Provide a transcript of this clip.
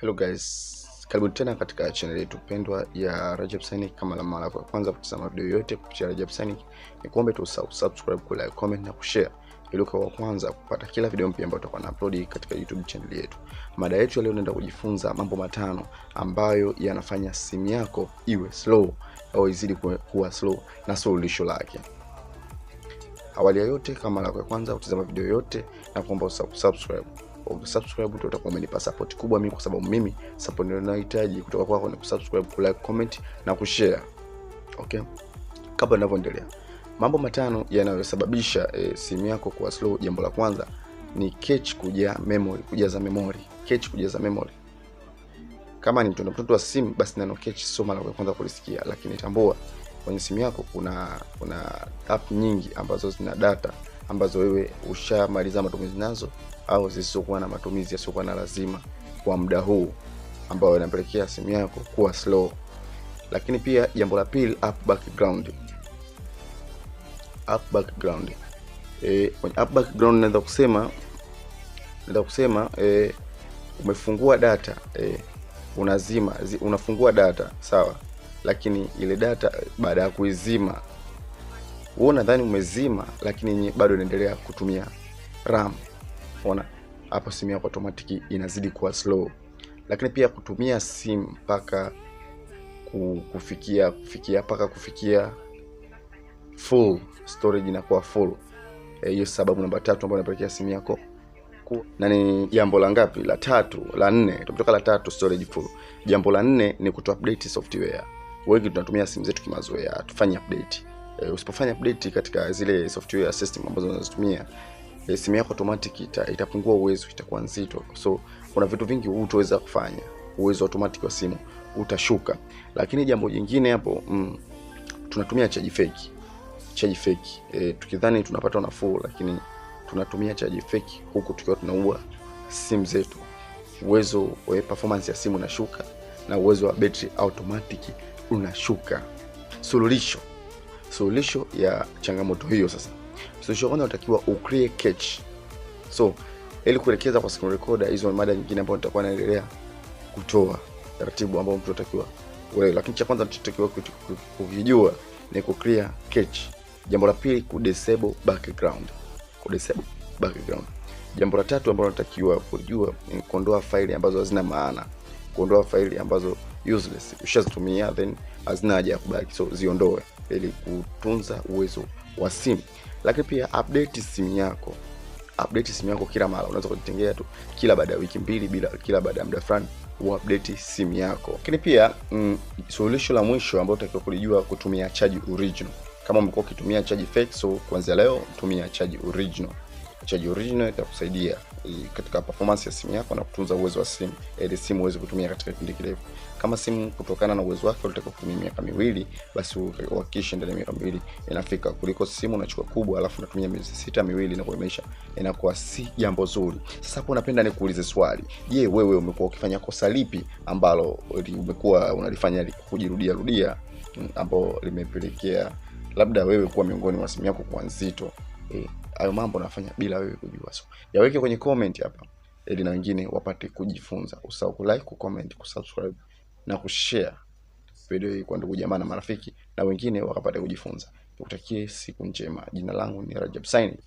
Hello guys, karibu tena katika channel yetu pendwa ya Rajab Synic. Kama la mara ya kwanza kutazama video yote kupitia Rajab Synic, ni kuombe tu subscribe, ku like, comment na kushare ili ukawa wa kwanza kupata kila video mpya ambayo tutakuwa na upload katika YouTube channel yetu. Mada yetu leo naenda kujifunza mambo matano ambayo yanafanya simu yako iwe slow au izidi kuwa slow na suluhisho lake. Awali ya yote, kama la kwanza kutazama video yote na kuomba usubscribe umsubscribe ndio utakuwa umenipa support kubwa mimi, kwa sababu mimi support ndio ninahitaji kutoka kwako ni kusubscribe, ku like, comment na kushare. Okay, kabla ninavyoendelea, mambo matano yanayosababisha e, simu yako kuwa slow. Jambo la kwanza ni cache kuja memory, kujaza memory, cache kujaza memory. Kama ni mtoto mtoto wa simu, basi neno cache sio mara ya kwanza kulisikia, lakini tambua kwenye simu yako kuna kuna app nyingi ambazo zina data ambazo wewe ushamaliza matumizi nazo au zisizokuwa na matumizi yasiokuwa na lazima kwa muda huu ambao inapelekea simu yako kuwa slow. Lakini pia jambo la pili, app background. App background Eh, kwenye app background naweza kusema naweza kusema e, umefungua data e, unazima zi, unafungua data sawa, lakini ile data baada ya kuizima wewe nadhani umezima, lakini bado inaendelea kutumia RAM. Ona hapo simu yako automatic inazidi kuwa slow, lakini pia kutumia simu mpaka kufikia kufikia mpaka kufikia full storage inakuwa full. Eh, hiyo e, sababu namba tatu ambayo inapelekea simu yako na ni jambo la ngapi? La tatu, la nne. Tumetoka la tatu, storage full. Jambo la nne ni kuto update software. Wengi tunatumia simu zetu kimazoea, tufanye update e, usipofanya update katika zile software system ambazo unazitumia e, simu yako automatic ita, itapungua uwezo, itakuwa nzito. So kuna vitu vingi hutoweza kufanya, uwezo automatic wa simu utashuka. Lakini jambo jingine hapo mm, tunatumia charge fake charge fake e, tukidhani tunapata nafuu, lakini tunatumia charge fake huku tukiwa tunaua simu zetu. Uwezo wa performance ya simu unashuka na uwezo wa battery automatic unashuka. Suluhisho suluhisho ya changamoto hiyo. Sasa msuluhisho gani unatakiwa ucreate catch. So ili kuelekeza kwa screen recorder, hizo mada nyingine ambazo nitakuwa naendelea kutoa taratibu ambao mtu atakiwa wewe lakini cha kwanza tutakiwa kukijua ni ku clear cache. Jambo la pili ku disable background, ku disable background. Jambo la tatu ambalo natakiwa kujua ni kuondoa faili ambazo hazina maana kuondoa faili ambazo useless ushazitumia, then hazina haja ya kubaki, so ziondoe ili kutunza uwezo wa simu. Lakini pia update simu yako, update simu yako kila mara. Unaweza kujitengea tu kila baada ya wiki mbili, bila kila baada ya muda fulani uupdate simu yako. Lakini pia mm, suluhisho la mwisho ambayo utakiwa kulijua, kutumia chaji original. Kama umekuwa ukitumia chaji fake, so kuanzia leo tumia charge original chaji original itakusaidia e, katika performance ya simu yako na kutunza uwezo wa simu ili simu uweze kutumia katika kipindi kirefu. Kama simu kutokana na uwezo wake ulitakiwa kutumia miaka miwili, basi uhakikishe ndani ya miaka miwili inafika, kuliko simu unachukua kubwa alafu unatumia miezi sita miwili na kuimesha, inakuwa si jambo zuri. Sasa hapo napenda nikuulize swali, je, wewe umekuwa ukifanya kosa lipi ambalo umekuwa unalifanya kujirudia rudia mm, ambao limepelekea labda wewe kuwa miongoni mwa simu yako kuwa nzito eh? hayo mambo nafanya bila wewe kujua. So yaweke kwenye comment hapa ili na wengine wapate kujifunza. Usahau kulike, kucomment, kusubscribe na kushare video hii kwa ndugu jamaa na marafiki na wengine wakapate kujifunza. Nikutakie siku njema. Jina langu ni Rajab Saini.